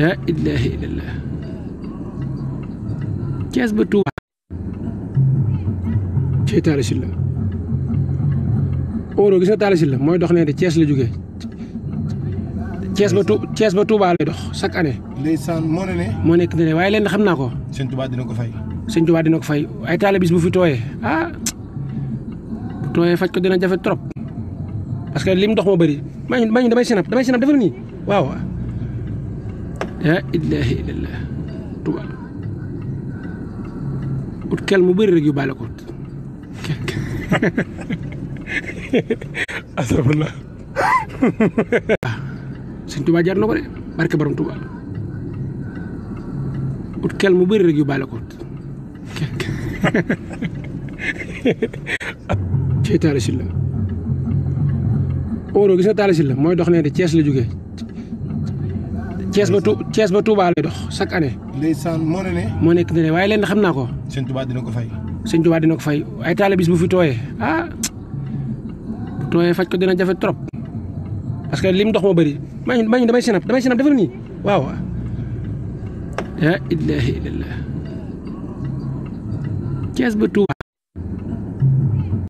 laa ilaaha illallah Cees ba Tuuba ci Talla Sylla gis nga Talla Sylla mooy dox nee de Cees la jóge Cees ba Tuuba Cees ba Tuuba lay dox chaque année. ndeysaan moo ne ne. moo nekk ne waaye leen xam naa ko. sëñ Tuuba dina ko fay. sëñ dina ko fay ay taale bis bu fi tooyee ah bu tooyee faj ko dina jafe trop parce que lim dox moo bëri maa ngi damay sinap damay sinap defal nii waaw. la ilaha illallah tubal ut kel mu bari rek yu balako tuba jarno ko barke borom kel mu rek yu balako ci la oro la moy dox ne ci la jugge Thiès ba tu Thiès ba Touba lay dox chaque année. ndeysaan moo ne moo nekk ne waaye lenn xam naa ko. sëñ Touba dina ko fay. sëñ Touba dina ko fay ay taale bis bu fi tooyee ah bu tooyee faj ko dina jafe trop parce que lim dox moo bari maa ngi maa damay sinap damay sinap defal nii waaw. yaa ilaaha illallaah Thiès ba Touba.